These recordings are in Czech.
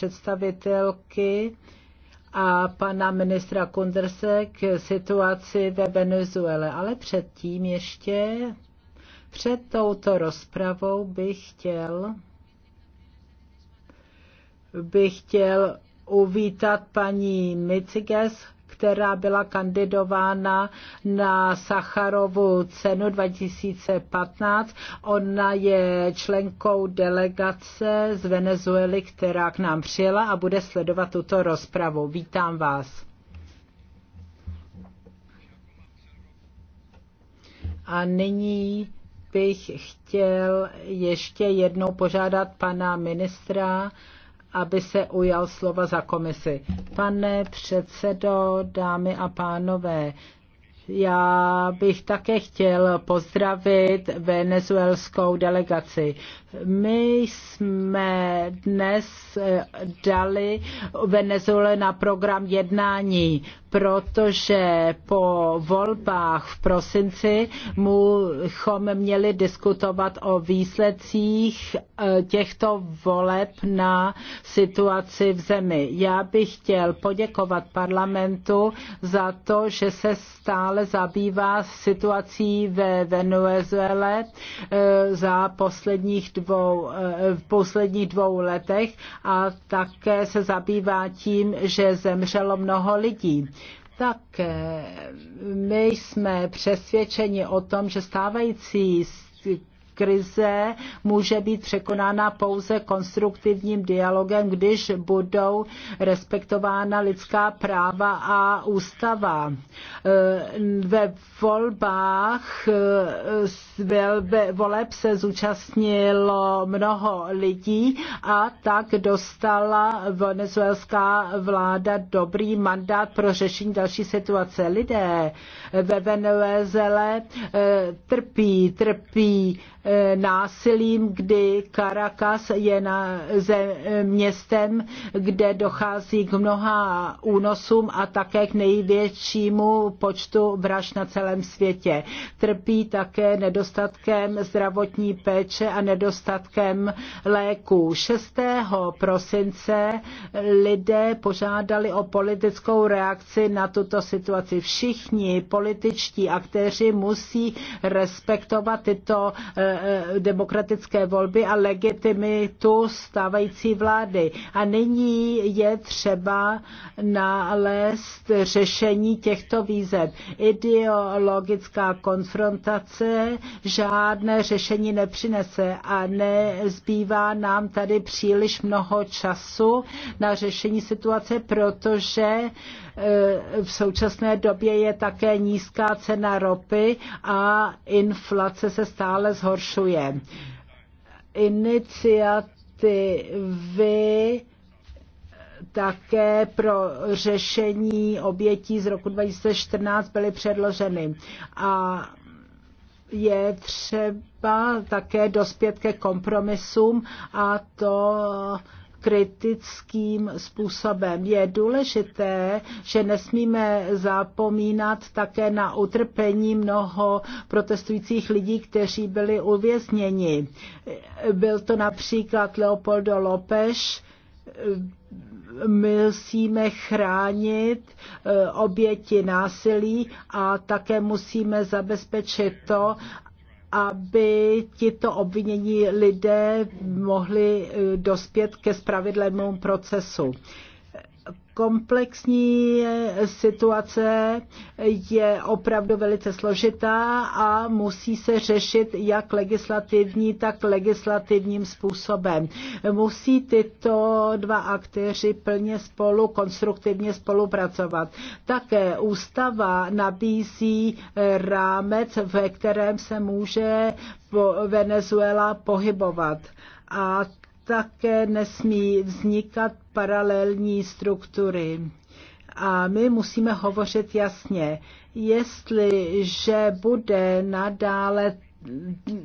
představitelky a pana ministra Kunderse k situaci ve Venezuele. Ale předtím ještě, před touto rozpravou bych chtěl, bych chtěl uvítat paní Miciges, která byla kandidována na Sacharovu cenu 2015. Ona je členkou delegace z Venezuely, která k nám přijela a bude sledovat tuto rozpravu. Vítám vás. A nyní bych chtěl ještě jednou požádat pana ministra, aby se ujal slova za komisi. Pane předsedo, dámy a pánové, já bych také chtěl pozdravit venezuelskou delegaci. My jsme dnes eh, dali Venezuele na program jednání, protože po volbách v prosinci bychom měli diskutovat o výsledcích eh, těchto voleb na situaci v zemi. Já bych chtěl poděkovat parlamentu za to, že se stále zabývá situací ve Venezuele eh, za posledních dvou, eh, v posledních dvou letech a také se zabývá tím, že zemřelo mnoho lidí tak my jsme přesvědčeni o tom, že stávající krize může být překonána pouze konstruktivním dialogem, když budou respektována lidská práva a ústava. Eh, ve volbách eh, voleb se zúčastnilo mnoho lidí a tak dostala venezuelská vláda dobrý mandát pro řešení další situace. Lidé ve Venezuele eh, trpí, trpí násilím, kdy Caracas je na zem, městem, kde dochází k mnoha únosům a také k největšímu počtu vražd na celém světě. Trpí také nedostatkem zdravotní péče a nedostatkem léků. 6. prosince lidé požádali o politickou reakci na tuto situaci. Všichni političtí aktéři musí respektovat tyto eh, Eh, demokratické volby a legitimitu stávající vlády. A nyní je třeba nalézt řešení těchto výzev. Ideologická konfrontace žádné řešení nepřinese a nezbývá nám tady příliš mnoho času na řešení situace, protože eh, v současné době je také nízká cena ropy a inflace se stále zhoršuje zhoršuje. Iniciativy také pro řešení obětí z roku 2014 byly předloženy. A je třeba také dospět ke kompromisům a to kritickým způsobem. Je důležité, že nesmíme zapomínat také na utrpení mnoho protestujících lidí, kteří byli uvězněni. Byl to například Leopoldo López, musíme chránit eh, oběti násilí a také musíme zabezpečit to, aby tito obvinění lidé mohli eh, dospět ke spravedlivému procesu komplexní situace je opravdu velice složitá a musí se řešit jak legislativní, tak legislativním způsobem. Musí tyto dva aktéři plně spolu, konstruktivně spolupracovat. Také ústava nabízí rámec, ve kterém se může Venezuela pohybovat. A také nesmí vznikat paralelní struktury. A my musíme hovořit jasně, jestliže bude nadále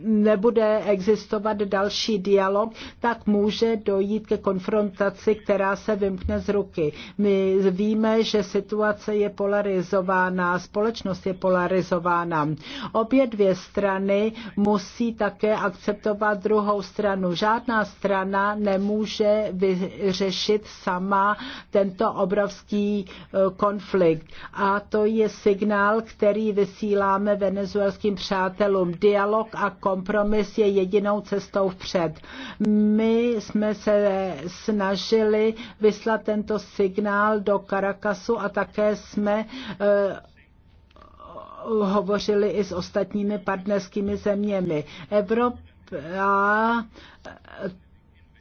nebude existovat další dialog, tak může dojít ke konfrontaci, která se vymkne z ruky. My víme, že situace je polarizována, společnost je polarizována. Obě dvě strany musí také akceptovat druhou stranu. Žádná strana nemůže vyřešit sama tento obrovský eh, konflikt. A to je signál, který vysíláme venezuelským přátelům. Dialog dialog a kompromis je jedinou cestou vpřed. My jsme se snažili vyslat tento signál do Karakasu a také jsme eh, hovořili i s ostatními partnerskými zeměmi. Evropa eh,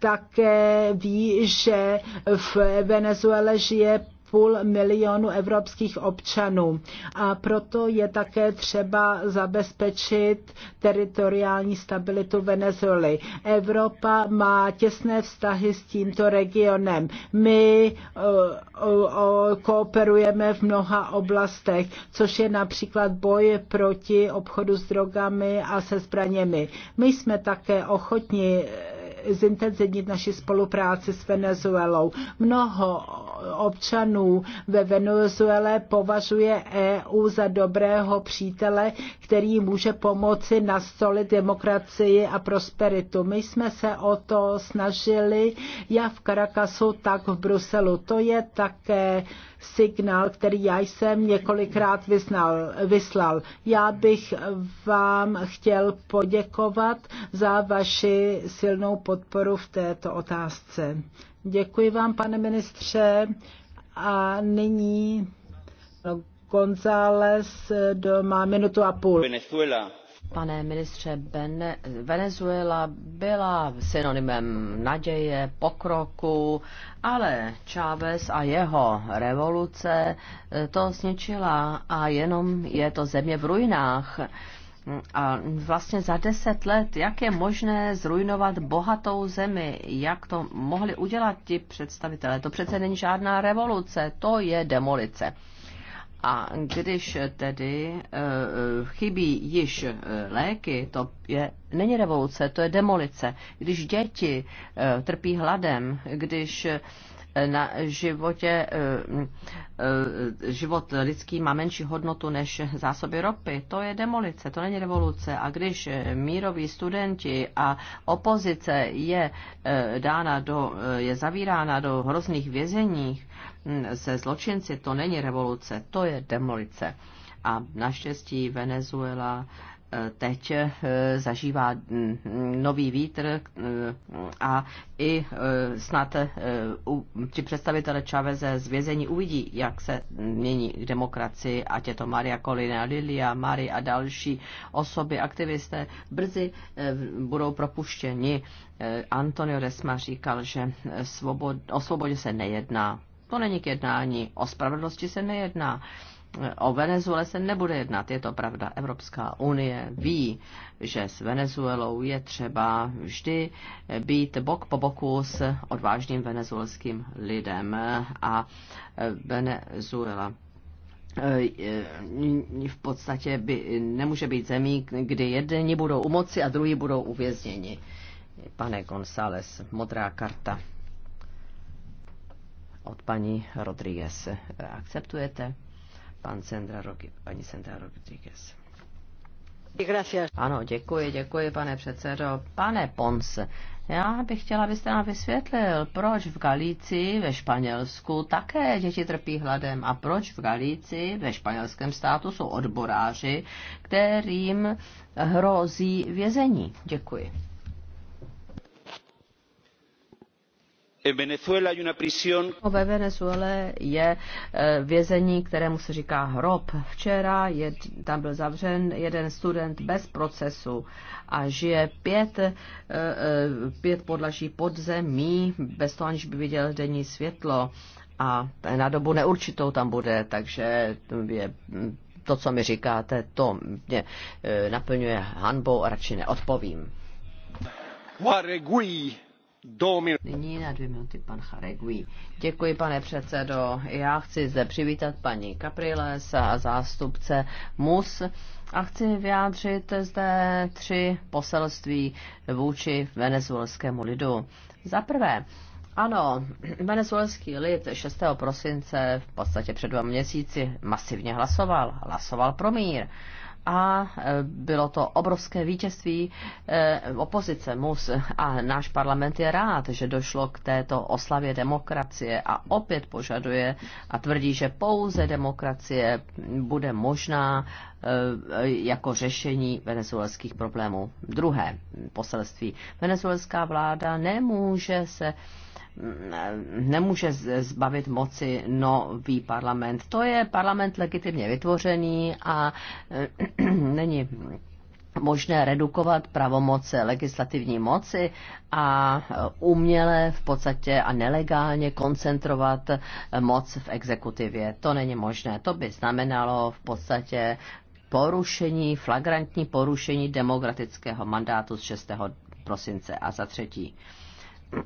také ví, že v Venezuele žije půl milionu evropských občanů. A proto je také třeba zabezpečit teritoriální stabilitu Venezuely. Evropa má těsné vztahy s tímto regionem. My eh, kooperujeme v mnoha oblastech, což je například boj proti obchodu s drogami a se zbraněmi. My jsme také ochotni zintenzivnit naši spolupráci s Venezuelou. Mnoho občanů ve Venezuele považuje EU za dobrého přítele, který může pomoci nastolit demokracii a prosperitu. My jsme se o to snažili, jak v Caracasu, tak v Bruselu. To je také signál, který já jsem několikrát vyznal, vyslal. Já bych vám chtěl poděkovat za vaši silnou podporu v této otázce. Děkuji vám, pane ministře. A nyní González do, má minutu a půl. Venezuela Pane ministře, Bene, Venezuela byla synonymem naděje, pokroku, ale Chávez a jeho revoluce eh, to zničila a jenom je to země v ruinách. A vlastně za deset let, jak je možné zrujnovat bohatou zemi? Jak to mohli udělat ti představitelé? To přece není žádná revoluce, to je demolice. A když tedy eh, chybí již eh, léky, to je, není revoluce, to je demolice. Když děti eh, trpí hladem, když na životě, eh, eh, život lidský má menší hodnotu než zásoby ropy. To je demolice, to není revoluce. A když míroví studenti a opozice je eh, dána do, je zavírána do hrozných vězeních hm, se zločinci, to není revoluce, to je demolice. A naštěstí Venezuela teď eh, zažívá mm, nový vítr eh, a i eh, snad ti představitele Čaveze z vězení uvidí, jak se mění k demokracii, ať je to Maria Kolina, Lilia, Mari a další osoby, aktivisté, brzy budou propuštěni. Antonio Resma říkal, že svobod, o svobodě se nejedná. To není k jednání, o spravedlnosti se nejedná o Venezuele se nebude jednat, je to pravda. Evropská unie ví, že s Venezuelou je třeba vždy být bok po boku s odvážným venezuelským lidem a e, Venezuela e, e, v podstatě by, nemůže být zemí, kdy jedni budou u moci a druhý budou uvězněni. Pane González, modrá karta od paní Rodríguez, Akceptujete? paní Sandra Rodriguez. Ano, děkuji, děkuji, pane předsedo. Pane Ponce, já bych chtěla, abyste nám vysvětlil, proč v Galicii ve Španělsku také děti trpí hladem a proč v Galicii ve španělském státu jsou odboráři, kterým hrozí vězení. Děkuji. Ve Venezuele je eh, vězení, kterému se říká hrob. Včera je, tam byl zavřen jeden student bez procesu a žije pět, eh, eh, pět podlaží zemí, bez toho aniž by viděl denní světlo a na dobu neurčitou tam bude, takže je to, co mi říkáte, to mě naplňuje hanbou a radši neodpovím. Guaregui. Nyní na dvě minuty pan Charegui. Děkuji, pane předsedo. Já chci zde přivítat paní Capriles a zástupce MUS a chci vyjádřit zde tři poselství vůči venezuelskému lidu. Za prvé, ano, venezuelský lid 6. prosince v podstatě před dva měsíci masivně hlasoval. Hlasoval pro mír a e, bylo to obrovské vítězství e, opozice MUS a náš parlament je rád, že došlo k této oslavě demokracie a opět požaduje a tvrdí, že pouze demokracie bude možná Eh, jako řešení venezuelských problémů. Druhé poselství. Venezuelská vláda nemůže se mm, nemůže zbavit moci nový parlament. To je parlament legitimně vytvořený a eh, není možné redukovat pravomoce legislativní moci a uměle v podstatě a nelegálně koncentrovat moc v exekutivě. To není možné. To by znamenalo v podstatě porušení, flagrantní porušení demokratického mandátu z 6. prosince. A za třetí,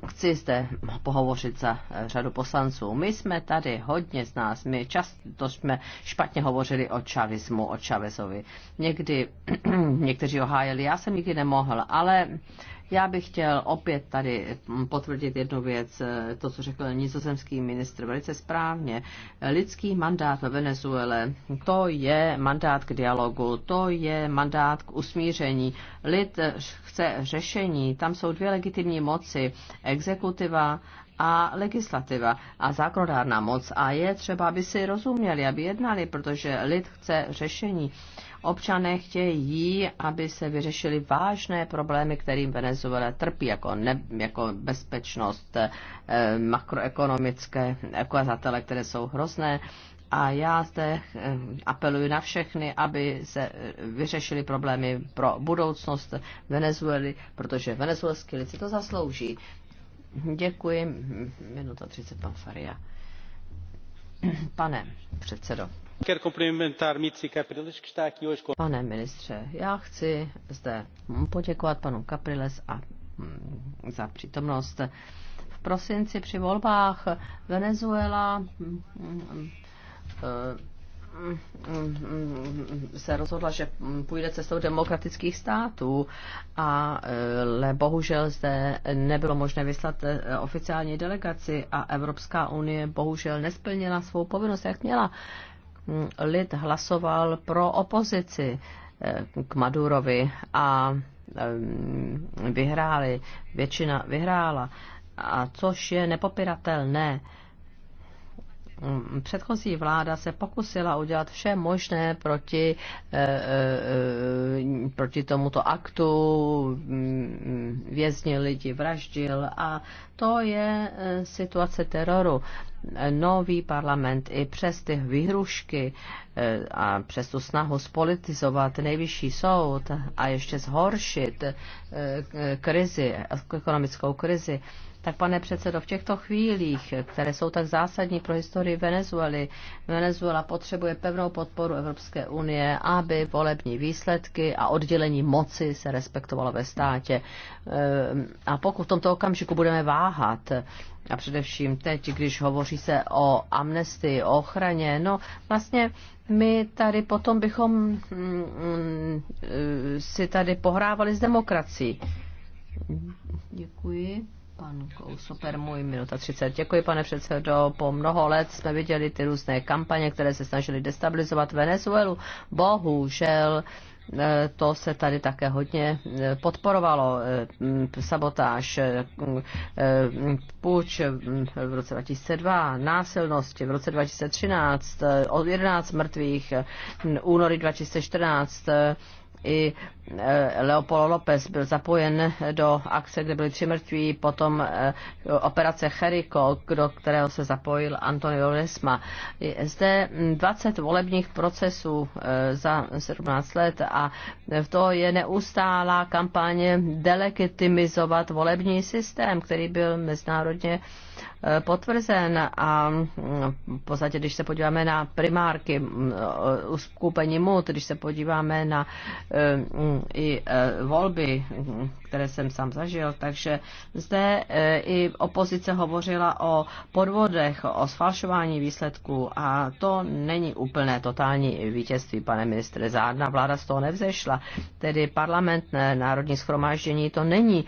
chci zde pohovořit za eh, řadu poslanců. My jsme tady hodně z nás, my často jsme špatně hovořili o čavismu, o čavezovi. Někdy někteří ohájeli, já jsem nikdy nemohl, ale já bych chtěl opět tady mm, potvrdit jednu věc, eh, to, co řekl nizozemský ministr velice správně. Lidský mandát ve Venezuele, to je mandát k dialogu, to je mandát k usmíření. Lid chce řešení, tam jsou dvě legitimní moci, exekutiva a legislativa a zákonodárná moc. A je třeba, aby si rozuměli, aby jednali, protože lid chce řešení. Občané chtějí, aby se vyřešily vážné problémy, kterým Venezuela trpí, jako, ne, jako bezpečnost, eh, makroekonomické ukazatele, které jsou hrozné. A já zde eh, apeluji na všechny, aby se eh, vyřešili problémy pro budoucnost Venezuely, protože venezuelský lid si to zaslouží. Děkuji. Minuta 30, pan Faria. Pane předsedo. Pane ministře, já chci zde poděkovat panu Capriles a mm, za přítomnost. V prosinci při volbách Venezuela mm, mm, se rozhodla, že půjde cestou demokratických států, ale e, bohužel zde nebylo možné vyslat e, oficiální delegaci a Evropská unie bohužel nesplnila svou povinnost, jak měla. Mm, lid hlasoval pro opozici e, k Madurovi a vyhráli, většina vyhrála, a což je nepopiratelné. Ne Mm, předchozí vláda se pokusila udělat vše možné proti, eh, eh, eh, proti tomuto aktu, mm, věznil lidi, vraždil a to je situace teroru. Nový parlament i přes ty vyhrušky a přes tu snahu spolitizovat nejvyšší soud a ještě zhoršit krizi, ekonomickou krizi, tak pane předsedo, v těchto chvílích, které jsou tak zásadní pro historii Venezuely, Venezuela potřebuje pevnou podporu Evropské unie, aby volební výsledky a oddělení moci se respektovalo ve státě. Ehm, a pokud v tomto okamžiku budeme váhat, a především teď, když hovoří se o amnestii, o ochraně, no vlastně my tady potom bychom mm, mm, si tady pohrávali s demokracií. Děkuji. Pan Super, můj minuta 30. Děkuji, pane předsedo. Po mnoho let jsme viděli ty různé kampaně, které se snažily destabilizovat Venezuelu. Bohužel eh, to se tady také hodně eh, podporovalo. Eh, sabotáž, půjč v roce 2002, násilnosti v roce 2013, od 11 mrtvých, únory 2014, i e, Leopoldo López byl zapojen do akce, kde byli tři mrtví, potom e, operace Cherico, do kterého se zapojil Antonio Lesma. Zde 20 volebních procesů e, za 17 let a v to je neustálá kampaně delegitimizovat volební systém, který byl mezinárodně Eh, potvrzen a mm, v podstatě, když se podíváme na primárky mm, eh, uskupení MUT, když se podíváme na eh, mm, i volby, které jsem sám zažil, takže zde i opozice hovořila o podvodech, o sfalšování výsledků a to není úplné totální vítězství, pane ministře. Zádná vláda z toho nevzešla, tedy parlament, národní schromáždění, to není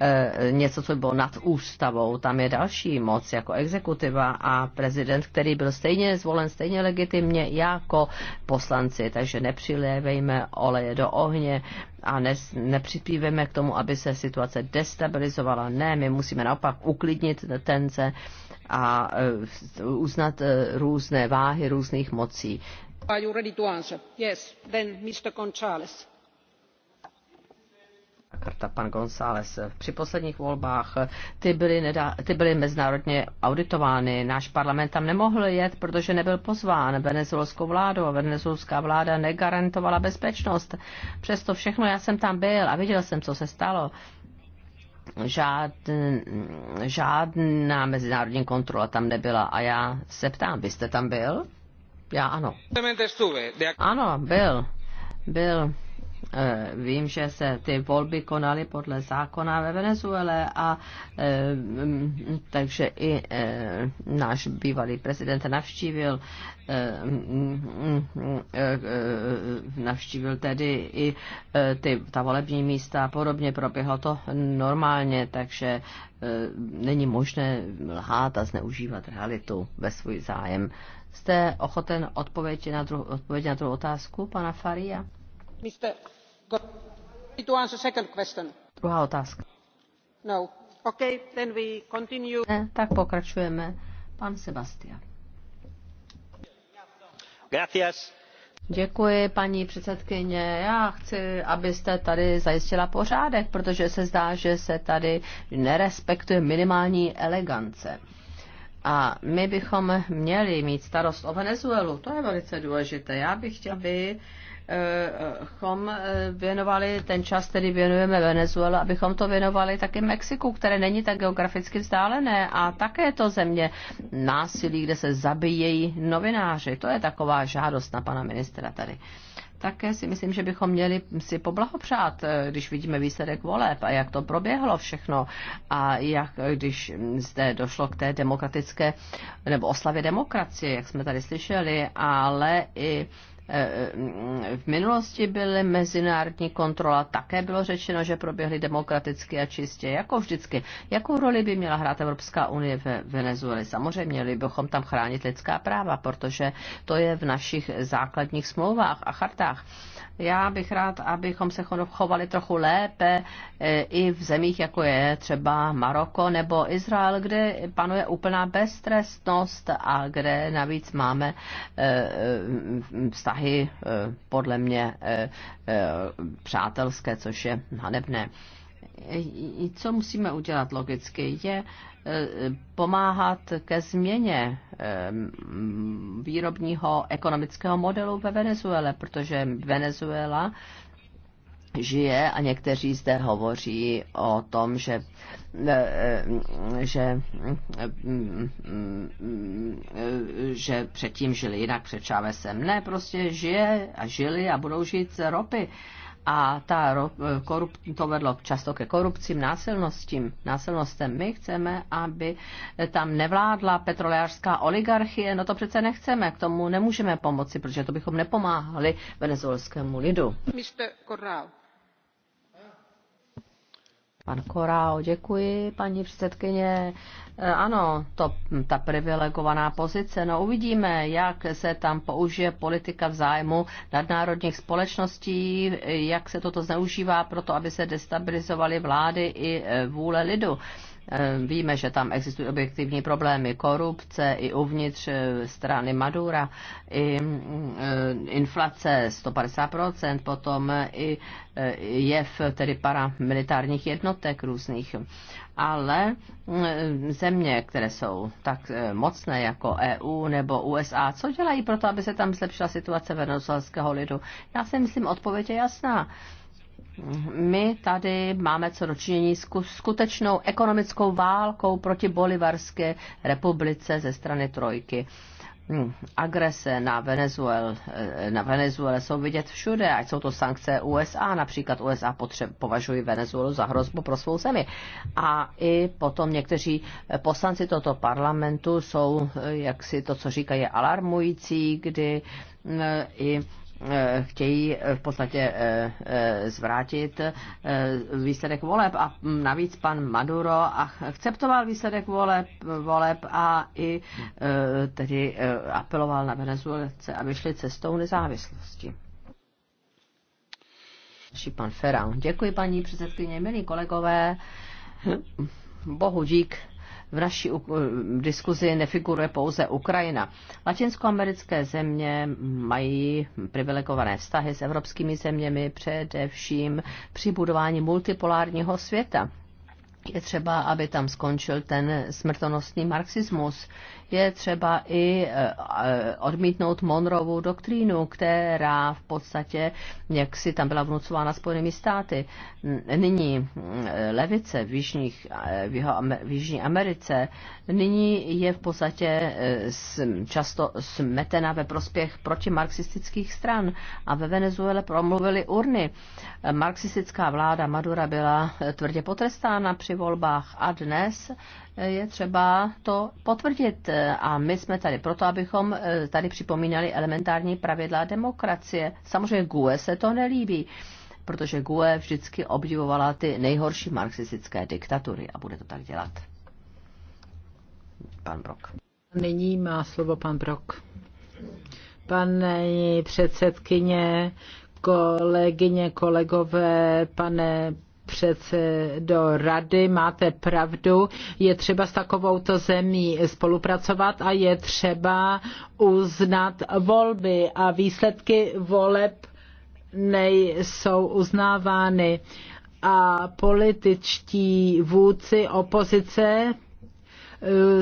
Eh, něco, co by bylo nad ústavou. Tam je další moc jako exekutiva a prezident, který byl stejně zvolen, stejně legitimně jako poslanci. Takže nepřilévejme oleje do ohně a ne, nepřipívejme k tomu, aby se situace destabilizovala. Ne, my musíme naopak uklidnit tence a eh, uznat eh, různé váhy různých mocí. Are you ready to answer? Yes, then Mr. Conchales karta, pan González. Při posledních volbách ty byly, nedá, ty byly mezinárodně auditovány. Náš parlament tam nemohl jet, protože nebyl pozván venezuelskou vládou a venezuelská vláda negarantovala bezpečnost. Přesto všechno já jsem tam byl a viděl jsem, co se stalo žádn, žádná mezinárodní kontrola tam nebyla. A já se ptám, vy jste tam byl? Já ano. Ano, byl. Byl. Eh, vím, že se ty volby konaly podle zákona ve Venezuele a eh, takže i eh, náš bývalý prezident navštívil navštívil tedy i ty, ta volební místa a podobně, proběhlo to normálně, takže není možné lhát a zneužívat realitu ve svůj zájem. Jste ochoten odpovědět na druhou, odpovědět na druhou otázku pana Faria? Mr. Druhá otázka. No. Okay, then we continue. Ne, tak pokračujeme. Pan Sebastian. Gracias. Děkuji, paní předsedkyně. Já chci, abyste tady zajistila pořádek, protože se zdá, že se tady nerespektuje minimální elegance. A my bychom měli mít starost o Venezuelu. To je velice důležité. Já bych chtěla, aby chom eh, věnovali ten čas, který věnujeme Venezuela, abychom to věnovali taky Mexiku, které není tak geograficky vzdálené a také je to země násilí, kde se zabíjejí novináři. To je taková žádost na pana ministra tady. Také si myslím, že bychom měli si poblahopřát, eh, když vidíme výsledek voleb a jak to proběhlo všechno a jak když zde došlo k té demokratické nebo oslavě demokracie, jak jsme tady slyšeli, ale i Eh, eh, v minulosti byly mezinárodní kontrola, také bylo řečeno, že proběhly demokraticky a čistě, jako vždycky. Jakou roli by měla hrát Evropská unie ve Venezuele? Samozřejmě měli bychom tam chránit lidská práva, protože to je v našich základních smlouvách a chartách. Já bych rád, abychom se chovali trochu lépe e, i v zemích, jako je třeba Maroko nebo Izrael, kde panuje úplná beztrestnost a kde navíc máme e, e, vztahy podle mě přátelské, což je hanebné co musíme udělat logicky, je e, pomáhat ke změně e, výrobního ekonomického modelu ve Venezuele, protože Venezuela žije a někteří zde hovoří o tom, že, e, že, že předtím žili jinak, před Chávezem. Ne, prostě žije a žili a budou žít z ropy a ta korup, to vedlo často ke korupcím, násilnostím, násilnostem. My chceme, aby tam nevládla petrolejářská oligarchie, no to přece nechceme, k tomu nemůžeme pomoci, protože to bychom nepomáhali venezuelskému lidu. Mr. Corral. Pan Korao, děkuji, paní předsedkyně. E, ano, to, ta privilegovaná pozice. No uvidíme, jak se tam použije politika v zájmu nadnárodních společností, jak se toto zneužívá proto, aby se destabilizovaly vlády i e, vůle lidu. Eh, víme, že tam existují objektivní problémy korupce i uvnitř eh, strany Madura, i mm, eh, inflace 150%, potom i jev tedy paramilitárních jednotek různých. Ale mm, země, které jsou tak mocné jako EU nebo USA, co dělají pro to, aby se tam zlepšila situace venezuelského lidu? Já si myslím, odpověď je jasná my tady máme co dočinění s skutečnou ekonomickou válkou proti Bolivarské republice ze strany Trojky. Hmm, agrese na, Venezuel, eh, na Venezuele jsou vidět všude, ať jsou to sankce USA, například USA potře- považují Venezuelu za hrozbu pro svou zemi. A i potom někteří eh, poslanci tohoto parlamentu jsou, eh, jak si to, co říkají, alarmující, kdy mm, i Eh, chtějí v podstatě eh, eh, zvrátit výsledek voleb a navíc pan Maduro akceptoval výsledek voleb, voleb a i tedy apeloval na Venezuelce, aby šli cestou nezávislosti. Pan Ferran. Děkuji paní předsedkyně, milí kolegové. Bohu dík, v naší uh, diskuzi nefiguruje pouze Ukrajina. Latinskoamerické země mají privilegované vztahy s evropskými zeměmi, především při budování multipolárního světa. Je třeba, aby tam skončil ten smrtonostný marxismus je třeba i eh, eh, odmítnout Monrovou doktrínu, která v podstatě, jak si tam byla vnucována Spojenými státy, nyní eh, levice v, jižních, v, jeho, v Jižní Americe, nyní je v podstatě často smetena ve prospěch proti marxistických stran a ve Venezuele promluvili urny. Marxistická vláda Madura byla tvrdě potrestána při volbách a dnes je třeba to potvrdit. A my jsme tady proto, abychom eh, tady připomínali elementární pravidla demokracie. Samozřejmě GUE se to nelíbí, protože GUE vždycky obdivovala ty nejhorší marxistické diktatury a bude to tak dělat. Pan Brok. Nyní má slovo pan Brok. pane předsedkyně, kolegyně, kolegové, pane do rady, máte pravdu, je třeba s takovouto zemí spolupracovat a je třeba uznat volby a výsledky voleb nejsou uznávány. A političtí vůdci opozice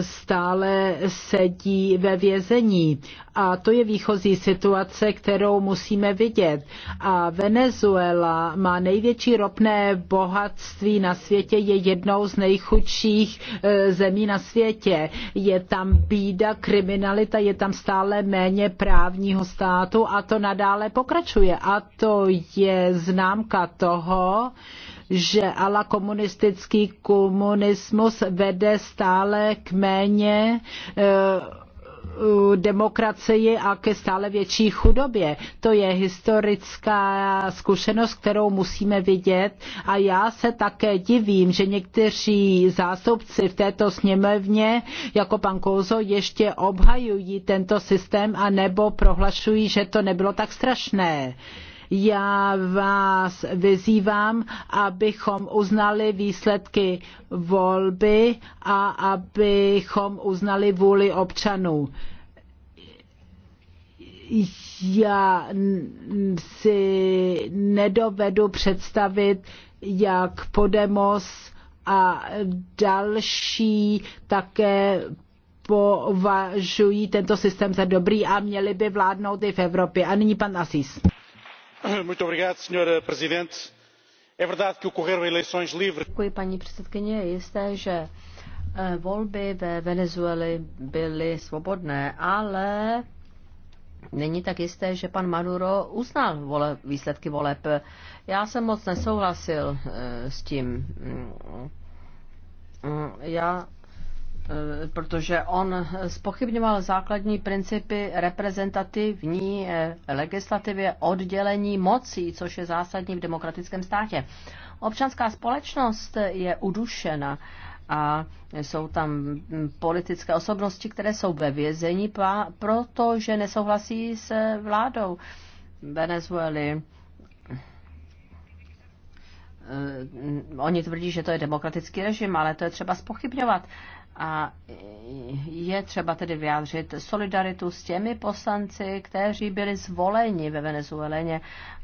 stále sedí ve vězení. A to je výchozí situace, kterou musíme vidět. A Venezuela má největší ropné bohatství na světě, je jednou z nejchudších eh, zemí na světě. Je tam bída, kriminalita, je tam stále méně právního státu a to nadále pokračuje. A to je známka toho, že ala komunistický komunismus vede stále k méně eh, demokracii a ke stále větší chudobě. To je historická zkušenost, kterou musíme vidět a já se také divím, že někteří zástupci v této sněmovně, jako pan Kouzo, ještě obhajují tento systém a nebo prohlašují, že to nebylo tak strašné. Uh, já vás vyzývám, abychom uznali výsledky volby a abychom uznali vůli občanů. Já si nedovedu představit, jak Podemos a další také považují tento systém za dobrý a měli by vládnout i v Evropě. A nyní pan Asís. Děkuji, paní předsedkyně. Je jisté, že eh, volby ve venezuele byly svobodné, ale není tak jisté, že pan Maduro uznal výsledky voleb. Já jsem moc nesouhlasil eh, s tím. Mm, mm, já Eh, protože on spochybňoval základní principy reprezentativní eh, legislativě oddělení mocí, což je zásadní v demokratickém státě. Občanská společnost je udušena a jsou tam politické osobnosti, které jsou ve vězení, protože nesouhlasí s vládou Venezuely eh, oni tvrdí, že to je demokratický režim, ale to je třeba spochybňovat. A je třeba tedy vyjádřit solidaritu s těmi poslanci, kteří byli zvoleni ve Venezueleně.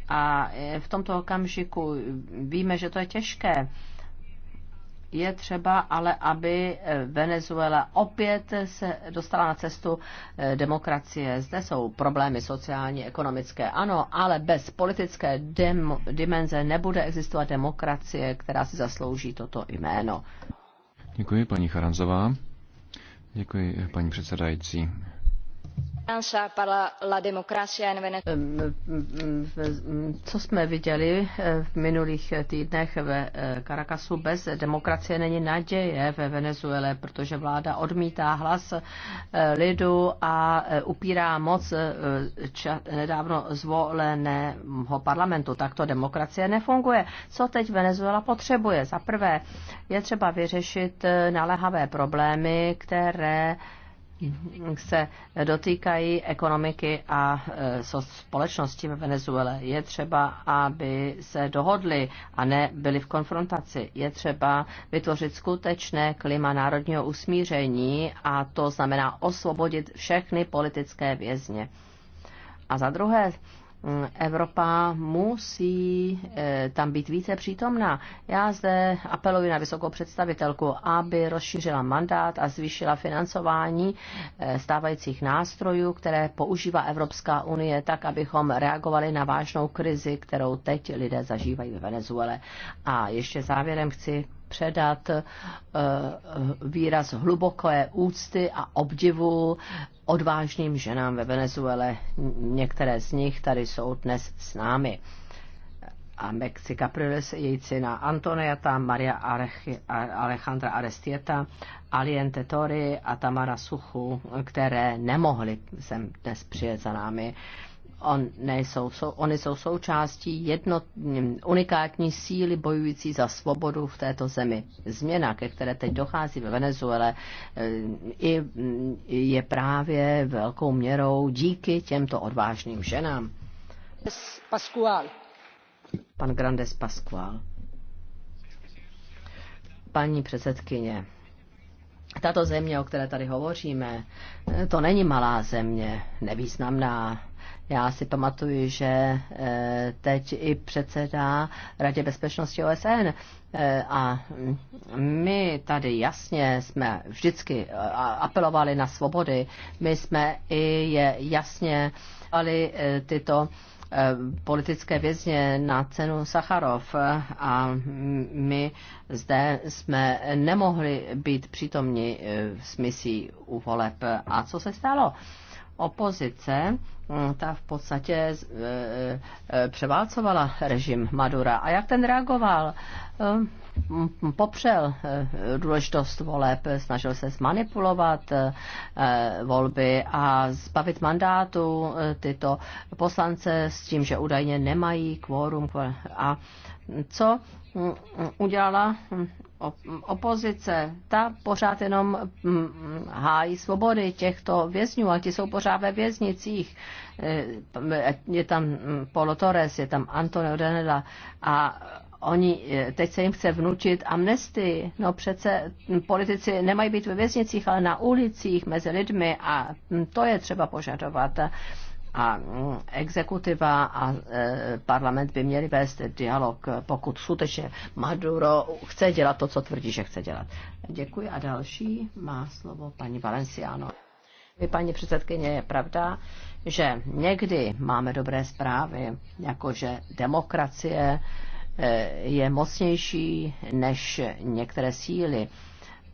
A v tomto okamžiku víme, že to je těžké. Je třeba ale, aby Venezuela opět se dostala na cestu eh, demokracie. Zde jsou problémy sociální, ekonomické, ano, ale bez politické dimenze nebude existovat demokracie, která si zaslouží toto jméno. Děkuji, paní Charanzová. Děkuji, paní předsedající. Co jsme viděli eh, v minulých týdnech v eh, Caracasu, bez demokracie není naděje ve Venezuele, protože vláda odmítá hlas eh, lidu a upírá moc nedávno zvoleného parlamentu. Takto demokracie nefunguje. Co teď Venezuela potřebuje? Za prvé je třeba vyřešit naléhavé problémy, které se dotýkají ekonomiky a e, společnosti ve Venezuele. Je třeba, aby se dohodli a ne byli v konfrontaci. Je třeba vytvořit skutečné klima národního usmíření a to znamená osvobodit všechny politické vězně. A za druhé Mm, Evropa musí eh, tam být více přítomná. Já zde apeluji na vysokou představitelku, aby rozšířila mandát a zvýšila financování eh, stávajících nástrojů, které používá Evropská unie, tak, abychom reagovali na vážnou krizi, kterou teď lidé zažívají ve Venezuele. A ještě závěrem chci předat eh, výraz hluboké úcty a obdivu odvážným ženám ve Venezuele. Některé z nich tady jsou dnes s námi. A Mexika Capriles, její syna Antonieta, Maria Alejandra Arestieta, Alien Tetori a Tamara Suchu, které nemohly sem dnes přijet za námi. On, nejsou, jsou, oni jsou součástí jednot, unikátní síly bojující za svobodu v této zemi. Změna, ke které teď dochází ve Venezuele, eh, i, mm, je právě velkou měrou díky těmto odvážným ženám. Pascual. Pan Grandes Pascual. Paní předsedkyně, tato země, o které tady hovoříme, eh, to není malá země, nevýznamná, já si pamatuju, že e, teď i předsedá Radě bezpečnosti OSN e, a my tady jasně jsme vždycky e, apelovali na svobody. My jsme i je jasně ale tyto politické vězně na cenu Sacharov a my zde jsme nemohli být přítomni s misí u voleb. A co se stalo? Opozice ta v podstatě eh, eh, převálcovala režim Madura. A jak ten reagoval? Eh, popřel důležitost voleb, snažil se zmanipulovat volby a zbavit mandátu tyto poslance s tím, že údajně nemají kvórum. A co mm, udělala mm, opozice, ta pořád jenom mm, hájí svobody těchto vězňů, A ti jsou pořád ve věznicích. Eh, je tam mm, Polo Torres, je tam Antonio Renela a oni, eh, teď se jim chce vnučit amnestii. No přece mm, politici nemají být ve věznicích, ale na ulicích mezi lidmi a mm, to je třeba požadovat. A exekutiva a eh, parlament by měli vést dialog, pokud skutečně Maduro chce dělat to, co tvrdí, že chce dělat. Děkuji a další má slovo paní Valenciano. Paní předsedkyně, je pravda, že někdy máme dobré zprávy, jakože demokracie eh, je mocnější než některé síly.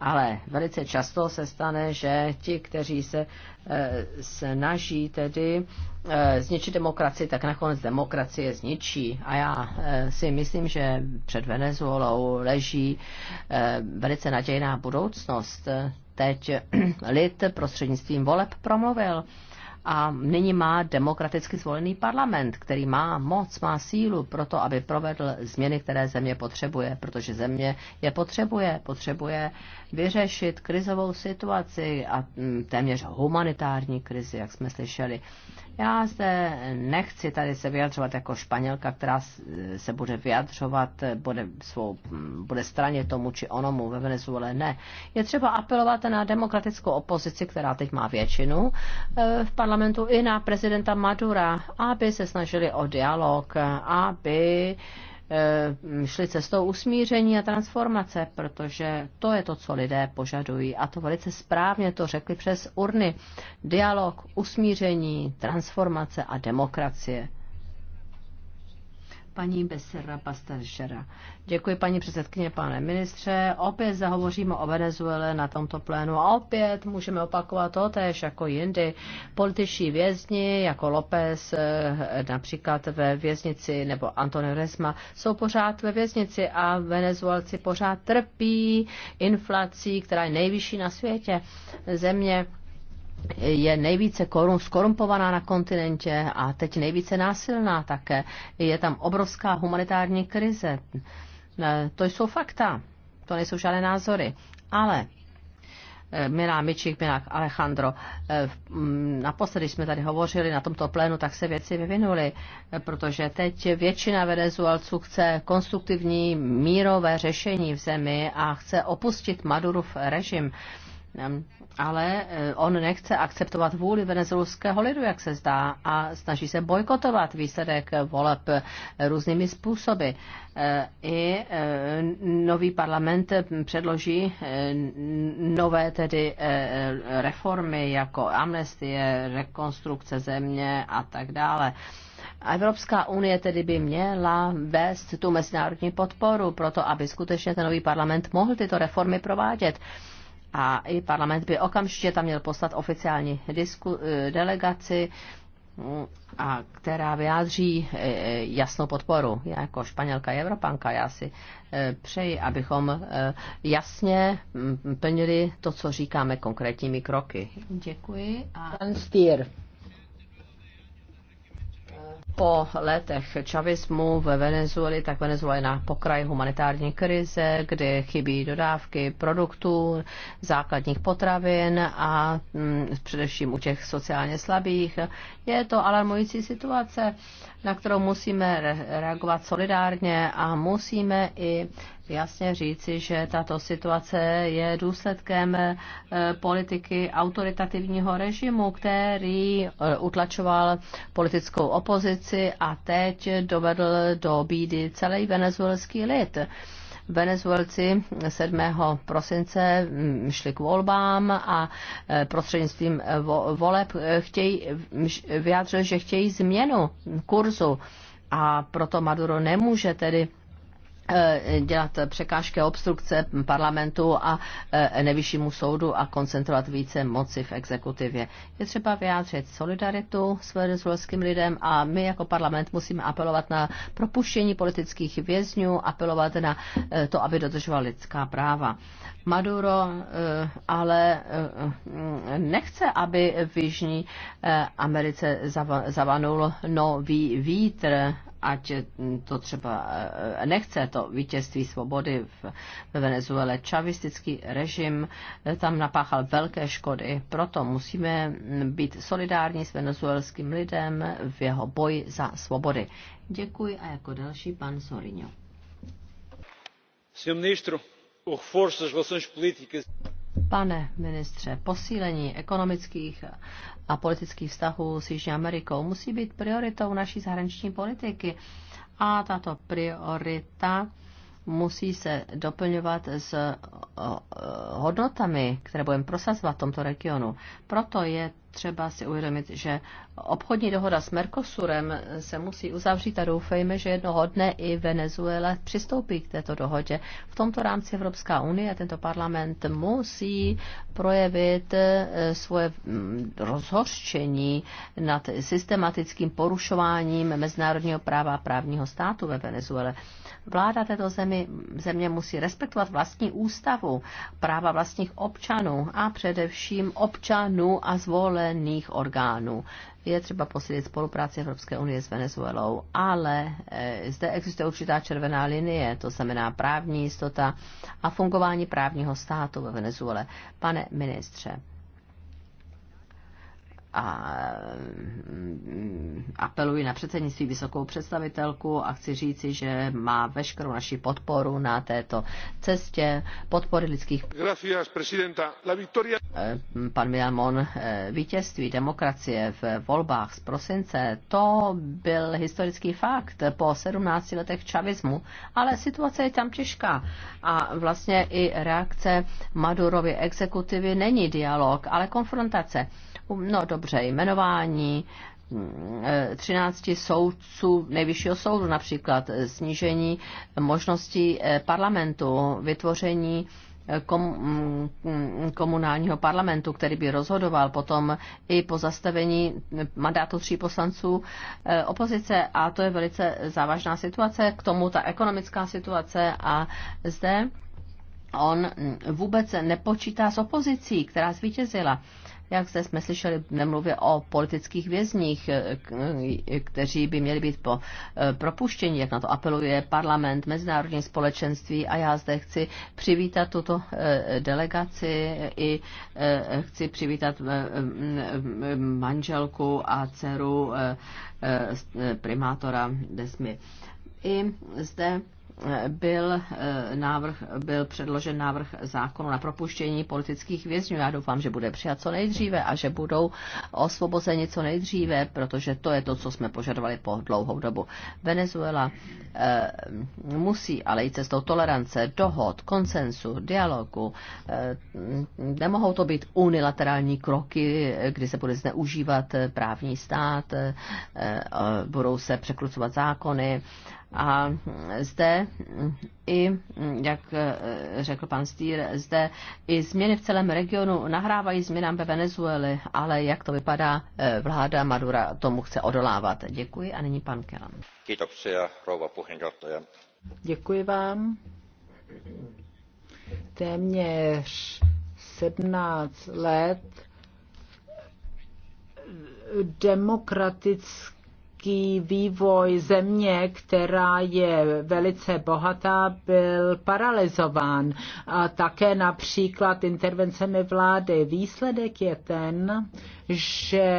Ale velice často se stane, že ti, kteří se e, snaží tedy e, zničit demokracii, tak nakonec demokracie zničí. A já e, si myslím, že před Venezuelou leží e, velice nadějná budoucnost teď lid prostřednictvím voleb promluvil. A nyní má demokraticky zvolený parlament, který má moc, má sílu pro to, aby provedl změny, které země potřebuje, protože země je potřebuje. Potřebuje vyřešit krizovou situaci a mm, téměř humanitární krizi, jak jsme slyšeli. Já se nechci tady se vyjadřovat jako španělka, která se bude vyjadřovat, bude, svou, bude straně tomu či onomu ve Venezuele. Ne. Je třeba apelovat na demokratickou opozici, která teď má většinu eh, v parlamentu, i na prezidenta Madura, aby se snažili o dialog, aby Eh, šli cestou usmíření a transformace, protože to je to, co lidé požadují. A to velice správně to řekli přes urny. Dialog, usmíření, transformace a demokracie paní Besera Pastelšera. Děkuji paní předsedkyně, pane ministře. Opět zahovoříme o Venezuele na tomto plénu a opět můžeme opakovat to též jako jindy. Političní vězni jako López eh, například ve věznici nebo Antonio Resma jsou pořád ve věznici a Venezuelci pořád trpí inflací, která je nejvyšší na světě. Země je nejvíce korun, skorumpovaná na kontinentě a teď nejvíce násilná také. Je tam obrovská humanitární krize. E, to jsou fakta, to nejsou žádné názory. Ale e, Milá Mičík, Milá Alejandro. E, naposledy jsme tady hovořili na tomto plénu, tak se věci vyvinuly, protože teď většina venezuelců chce konstruktivní mírové řešení v zemi a chce opustit Madurův režim ale e, on nechce akceptovat vůli venezuelského lidu, jak se zdá, a snaží se bojkotovat výsledek voleb různými způsoby. E, I e, nový parlament předloží nové tedy reformy jako amnestie, rekonstrukce země a tak dále. A Evropská unie tedy by měla vést tu mezinárodní podporu pro to, aby skutečně ten nový parlament mohl tyto reformy provádět a i parlament by okamžitě tam měl poslat oficiální disku, eh, delegaci, mm, a která vyjádří eh, jasnou podporu. Já jako španělka i evropanka, já si eh, přeji, abychom jasně mm, plnili to, co říkáme konkrétními kroky. Děkuji. A po letech čavismu ve Venezueli, tak Venezuela je na pokraji humanitární krize, kde chybí dodávky produktů, základních potravin a mm, především u těch sociálně slabých. Je to alarmující situace, na kterou musíme reagovat solidárně a musíme i jasně říci, že tato situace je důsledkem eh, politiky autoritativního režimu, který eh, utlačoval politickou opozici a teď dovedl do bídy celý venezuelský lid. Venezuelci 7. prosince hm, šli k volbám a eh, prostřednictvím voleb chtějí, vyjádřili, že chtějí změnu kurzu a proto Maduro nemůže tedy Eh, dělat překážky a obstrukce parlamentu a eh, nejvyššímu soudu a koncentrovat více moci v exekutivě. Je třeba vyjádřit solidaritu s venezuelským lidem a my jako parlament musíme apelovat na propuštění politických vězňů, apelovat na eh, to, aby dodržoval lidská práva. Maduro ale mm, nechce, aby v Jižní Americe zavanul nový vítr ať to třeba eh, nechce, to vítězství svobody ve Venezuele, čavistický režim eh, tam napáchal velké škody. Proto musíme mm, být solidární s venezuelským lidem v jeho boji za svobody. Děkuji a jako další pan Sorinho. Senhor Ministro, o reforço das Pane ministře, posílení ekonomických a politických vztahů s Jižní Amerikou musí být prioritou naší zahraniční politiky a tato priorita musí se doplňovat s hodnotami, které budeme prosazovat v tomto regionu. Proto je třeba si uvědomit, že obchodní dohoda s Mercosurem se musí uzavřít a doufejme, že jednoho dne i Venezuela přistoupí k této dohodě. V tomto rámci Evropská unie, tento parlament musí projevit eh, svoje mm, rozhořčení nad systematickým porušováním mezinárodního práva a právního státu ve Venezuele. Vláda této zemi, země musí respektovat vlastní ústavu, práva vlastních občanů a především občanů a zvolených orgánů je třeba posílit spolupráci Evropské unie s Venezuelou, ale eh, zde existuje určitá červená linie, to znamená právní jistota a fungování právního státu ve Venezuele. Pane ministře, a mm, apeluji na předsednictví vysokou představitelku a chci říci, že má veškerou naši podporu na této cestě podpory lidských Gracias, presidenta. La victoria... Eh, pan Milamon, eh, vítězství demokracie v volbách z prosince, to byl historický fakt po 17 letech čavismu, ale situace je tam těžká a vlastně i reakce Madurovy exekutivy není dialog, ale konfrontace. No dobře, jmenování 13 mm, e, soudců nejvyššího soudu například, snížení možností e, parlamentu, vytvoření e, mm, komunálního parlamentu, který by rozhodoval potom i po zastavení mandátu tří poslanců opozice a to je velice závažná situace, k tomu ta ekonomická situace a zde on vůbec nepočítá s opozicí, která zvítězila. Jak zde jsme slyšeli, nemluvě o politických vězních, eh, eh, kteří by měli být po eh, propuštění, jak na to apeluje parlament, mezinárodní společenství a já zde chci přivítat tuto delegaci i chci přivítat manželku a dceru primátora Desmy. I zde byl, eh, návrh, byl předložen návrh zákonu na propuštění politických vězňů. Já doufám, že bude přijat co nejdříve a že budou osvobozeni co nejdříve, protože to je to, co jsme požadovali po dlouhou dobu. Venezuela eh, musí ale i cestou tolerance, dohod, konsensu, dialogu. Eh, nemohou to být unilaterální kroky, kdy se bude zneužívat právní stát, budou se překrucovat zákony. A zde i, jak řekl pan Stýr, zde i změny v celém regionu nahrávají změnám ve Venezueli, ale jak to vypadá, eh, vláda Madura tomu chce odolávat. Děkuji a nyní pan Kelan. Děkuji vám. Téměř 17 let demokratické ekonomický vývoj země, která je velice bohatá, byl paralizován. A také například intervencemi vlády. Výsledek je ten, že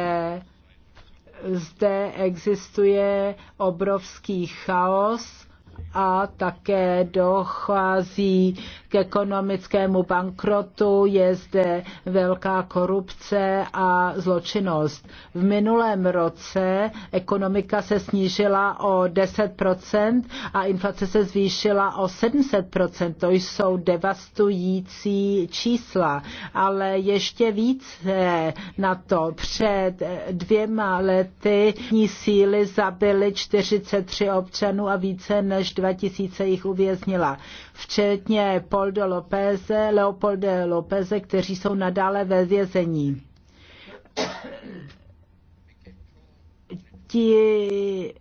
zde existuje obrovský chaos, a také dochází k ekonomickému bankrotu, je zde velká korupce a zločinnost. V minulém roce ekonomika se snížila o 10% a inflace se zvýšila o 700%. To jsou devastující čísla, ale ještě více na to. Před dvěma lety síly zabily 43 občanů a více než 20 2000 jich uvěznila, včetně Poldo López, Leopolde López, kteří jsou nadále ve vězení. Ti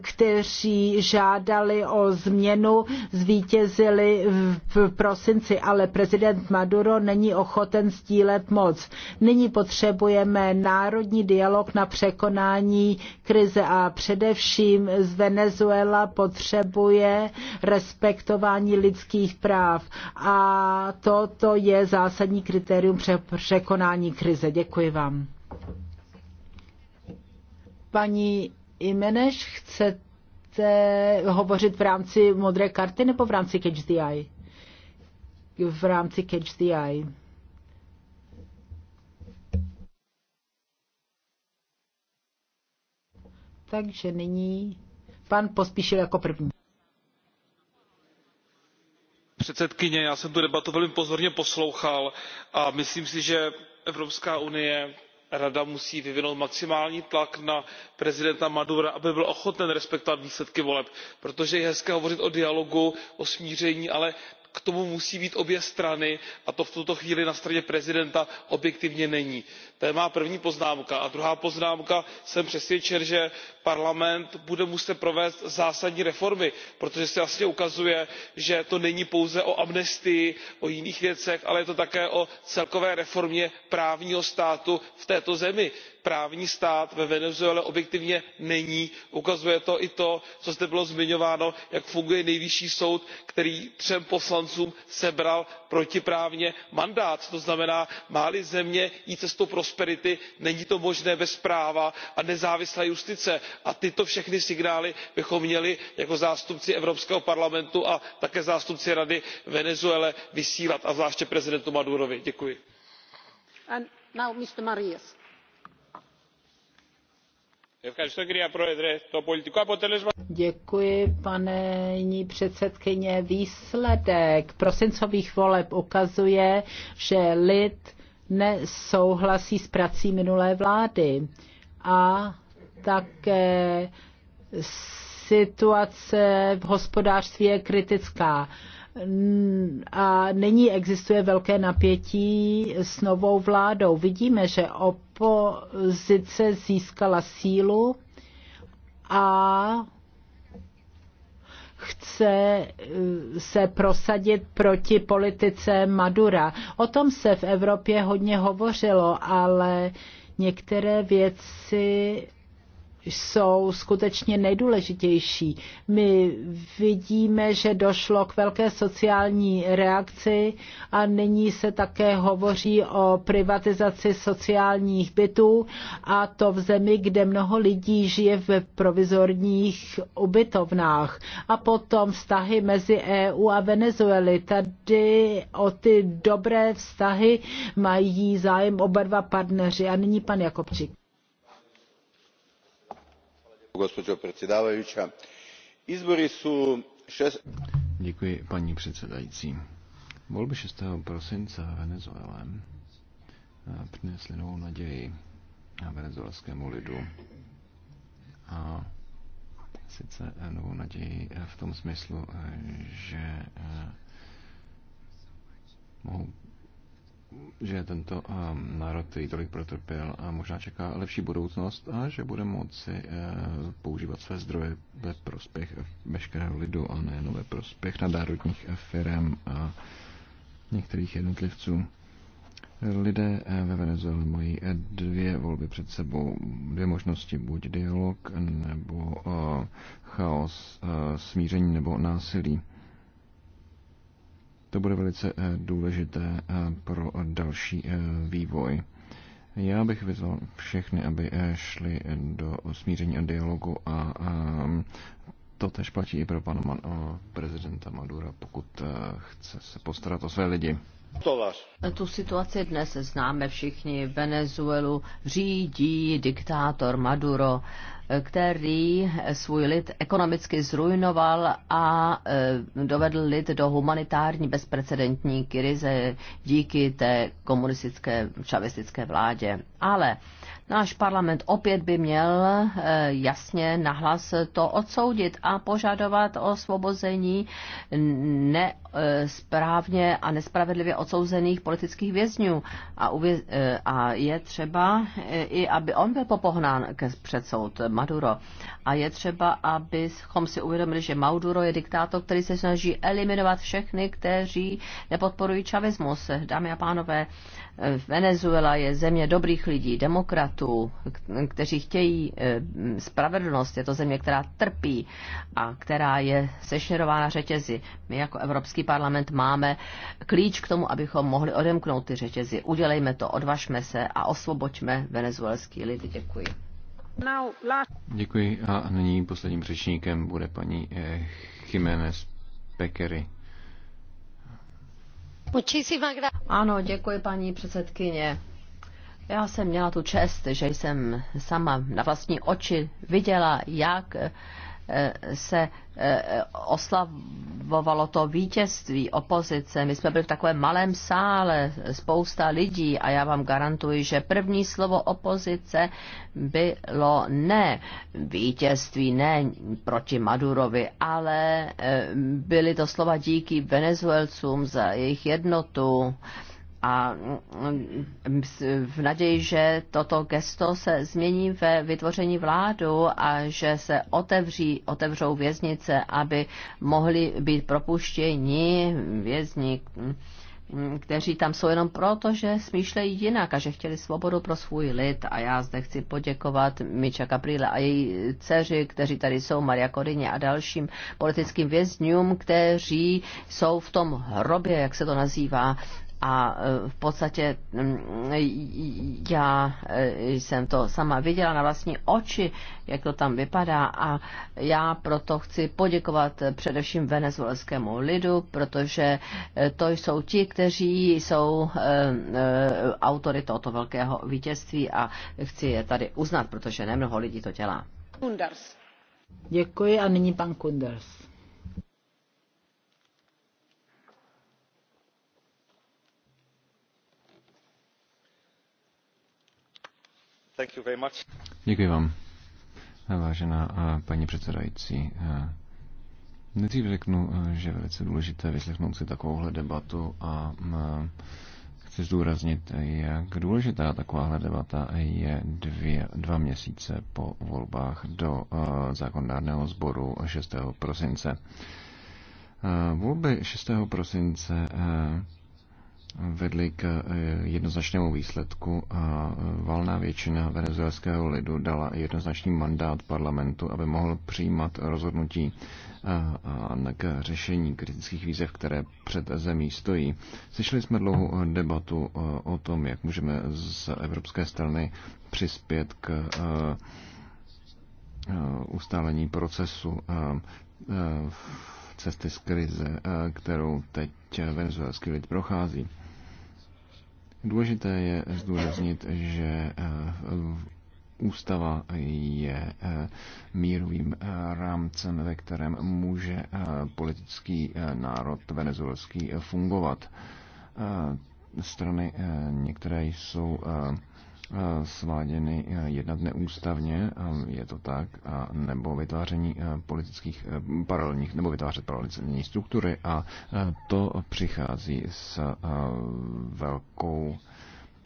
kteří žádali o změnu, zvítězili v prosinci, ale prezident Maduro není ochoten stílet moc. Nyní potřebujeme národní dialog na překonání krize a především z Venezuela potřebuje respektování lidských práv a toto je zásadní kritérium překonání krize. Děkuji vám. Paní Imeneš, chcete hovořit v rámci modré karty nebo v rámci Catch the Eye? V rámci Catch the Eye. Takže nyní pan Pospíšil jako první. Předsedkyně, já jsem tu debatu velmi pozorně poslouchal a myslím si, že Evropská unie rada musí vyvinout maximální tlak na prezidenta madura aby byl ochoten respektovat výsledky voleb protože je hezké hovořit o dialogu o smíření ale k tomu musí být obě strany a to v tuto chvíli na straně prezidenta objektivně není. to je má první poznámka. a druhá poznámka jsem přesvědčen že parlament bude muset provést zásadní reformy protože se jasně ukazuje že to není pouze o amnestii o jiných věcech ale je to také o celkové reformě právního státu v této zemi právní stát ve venezuele objektivně není ukazuje to i to co zde bylo zmiňováno jak funguje nejvyšší soud který třem poslancům sebral protiprávně mandát. to znamená má li země jít cestou prosperity není to možné bez práva a nezávislé justice a tyto všechny signály bychom měli jako zástupci evropského parlamentu a také zástupci rady venezuele vysílat a zvláště prezidentu madurovi. děkuji. Děkuji, paní předsedkyně. Výsledek prosincových voleb ukazuje, že lid nesouhlasí s prací minulé vlády a také situace v hospodářství je kritická a nyní existuje velké napětí s novou vládou. Vidíme, že opozice získala sílu a chce eh, se prosadit proti politice Madura. O tom se v Evropě hodně hovořilo, ale některé věci jsou skutečně nejdůležitější. My vidíme, že došlo k velké sociální reakci a nyní se také hovoří o privatizaci sociálních bytů a to v zemi, kde mnoho lidí žije v provizorních ubytovnách. A potom vztahy mezi EU a Venezueli. Tady o ty dobré vztahy mají zájem oba dva partneři. A nyní pan Jakobčík gospođo predsjednice izbori su. Děkuji, predsjednice předsedající. Volby 6. prosince ve Venezuele eh, přinesly novou naději na venezuelskému lidu. A sice novou naději v tom smyslu, eh, že eh, mohou že tento eh, národ, který tolik protrpěl, a možná čeká lepší budoucnost a že bude moci eh, používat své zdroje ve prospěch veškerého lidu a nejen ve prospěch nadárodních firm a některých jednotlivců. Lidé eh, ve Venezuele mají dvě volby před sebou, dvě možnosti, buď dialog nebo chaos, smíření nebo násilí. To bude velice eh, důležité eh, pro další eh, vývoj. Já bych vyzval všechny, aby šli do smíření a dialogu a to tež platí i pro pana Man- prezidenta Madura, pokud chce se postarat o své lidi. Tu situaci dnes známe všichni. Venezuelu řídí diktátor Maduro který svůj lid ekonomicky zrujnoval a e, dovedl lid do humanitární bezprecedentní krize díky té komunistické čavistické vládě. Ale náš parlament opět by měl e, jasně nahlas to odsoudit a požadovat o svobození nesprávně e, a nespravedlivě odsouzených politických vězňů. A, je třeba i, aby on byl popohnán ke předsoud. Maduro. A je třeba, abychom si uvědomili, že Maduro je diktátor, který se snaží eliminovat všechny, kteří nepodporují čavismus. Dámy a pánové, Venezuela je země dobrých lidí, demokratů, kteří chtějí eh, spravedlnost. Je to země, která trpí a která je sešněrována řetězy. My jako Evropský parlament máme klíč k tomu, abychom mohli odemknout ty řetězy. Udělejme to, odvažme se a osvoboďme venezuelský lid. Děkuji. Děkuji a nyní posledním řečníkem bude paní eh, Jiménez Pekery. Ano, děkuji paní předsedkyně. Já jsem měla tu čest, že jsem sama na vlastní oči viděla, jak se eh, oslavovalo to vítězství opozice. My jsme byli v takovém malém sále, spousta lidí a já vám garantuji, že první slovo opozice bylo ne vítězství, ne proti Madurovi, ale eh, byly to slova díky Venezuelcům za jejich jednotu a mm, mm, v naději, že toto gesto se změní ve vytvoření vládu a že se otevří, otevřou věznice, aby mohli být propuštěni vězni, mm, kteří tam jsou jenom proto, že smýšlejí jinak a že chtěli svobodu pro svůj lid. A já zde chci poděkovat Miča Kapríle a její dceři, kteří tady jsou, Maria Korině a dalším politickým vězňům, kteří jsou v tom hrobě, jak se to nazývá, a e, v podstatě mm, já e, jsem to sama viděla na vlastní oči, jak to tam vypadá a já proto chci poděkovat především venezuelskému lidu, protože e, to jsou ti, kteří jsou autory tohoto velkého vítězství a chci je tady uznat, protože nemnoho lidí to dělá. Kunders. Děkuji a nyní pan Kunders. Děkuji vám, vážená eh, paní předsedající. Eh, nejdřív řeknu, eh, že je velice důležité vyslechnout si takovouhle debatu a chci zdůraznit, jak důležitá takováhle debata je dvě, dva měsíce po volbách do zákonodárného sboru 6. prosince. Volby 6. prosince vedly k eh, jednoznačnému výsledku a eh, valná většina venezuelského lidu dala jednoznačný mandát parlamentu, aby mohl přijímat rozhodnutí eh, k řešení kritických výzev, které před zemí stojí. Slyšeli jsme dlouhou debatu o tom, jak můžeme z evropské strany přispět k ustálení procesu cesty z krize, kterou teď venezuelský lid prochází. Důležité je zdůraznit, že eh, ústava je eh, mírovým eh, rámcem, ve kterém může politický národ venezuelský fungovat. Strany některé jsou Eh, sváděny eh, jednat neústavně, eh, je to tak, a nebo vytváření politických paralelních, nebo vytvářet paralelní struktury a to přichází s velkou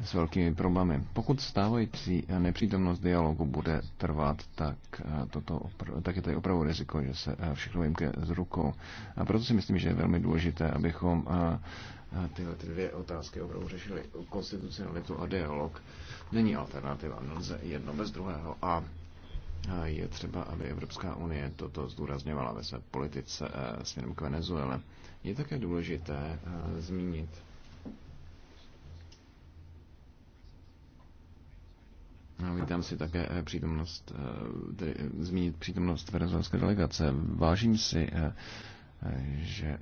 s velkými problémy. Pokud stávající nepřítomnost dialogu bude trvat, tak, toto, tak je tady opravdu riziko, že se všechno vymkne z rukou. A proto si myslím, že je velmi důležité, abychom tyhle dvě otázky opravdu řešili, konstitucionalitu a dialog není alternativa. Nelze jedno bez druhého a je třeba, aby Evropská unie toto zdůrazňovala ve své politice e, směrem k Venezuele. Je také důležité e, zmínit, Vítám si také e, přítomnost, tedy zmínit přítomnost venezuelské delegace. Vážím si, že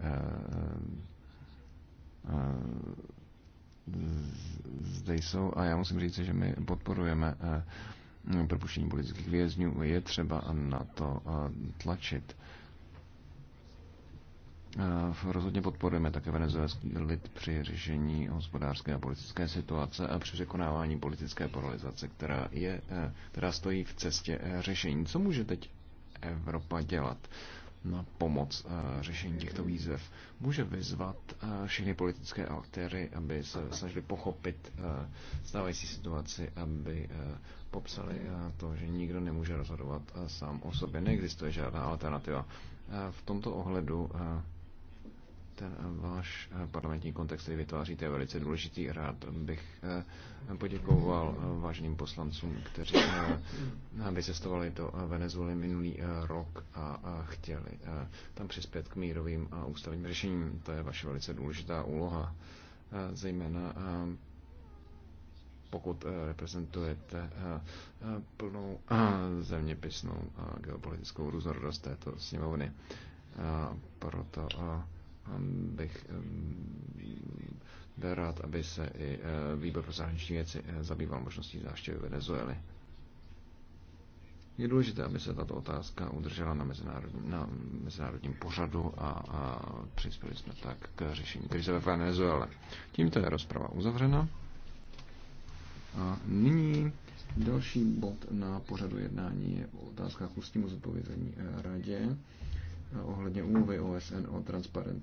zde jsou a já musím říct, že my podporujeme eh, propuštění politických vězňů. Je třeba na to eh, tlačit. Eh, rozhodně podporujeme také venezuelský lid při řešení hospodářské a politické situace a při překonávání politické polarizace, která, je, která stojí v cestě řešení. Co může teď Evropa dělat? na pomoc eh, řešení těchto výzev. Může vyzvat eh, všechny politické aktéry, aby se snažili pochopit eh, stávající situaci, aby popsali to, že nikdo nemůže rozhodovat sám o sobě. Neexistuje žádná alternativa. V tomto ohledu ten eh, váš eh, parlamentní kontext, který vytváříte, je velice důležitý. Rád bych eh, poděkoval vážným poslancům, kteří vycestovali do Venezuely minulý rok a chtěli tam přispět k mírovým a ústavním řešením. To je vaše velice důležitá úloha, zejména pokud reprezentujete plnou zeměpisnou a geopolitickou různorodost této sněmovny. Proto Ehm, bych ehm, byl rád, aby se i eh, výbor pro zahraniční věci eh, zabýval možností záštěvy Venezuely. Je důležité, aby se tato otázka udržela na, mezinárodní, na mezinárodním pořadu a, a přispěli jsme tak k řešení krize ve Venezuele. Tímto je rozprava uzavřena. A nyní další bod na pořadu jednání je otázka k ústnímu zodpovězení eh, radě ohledně úmluvy OSN o transparentnosti.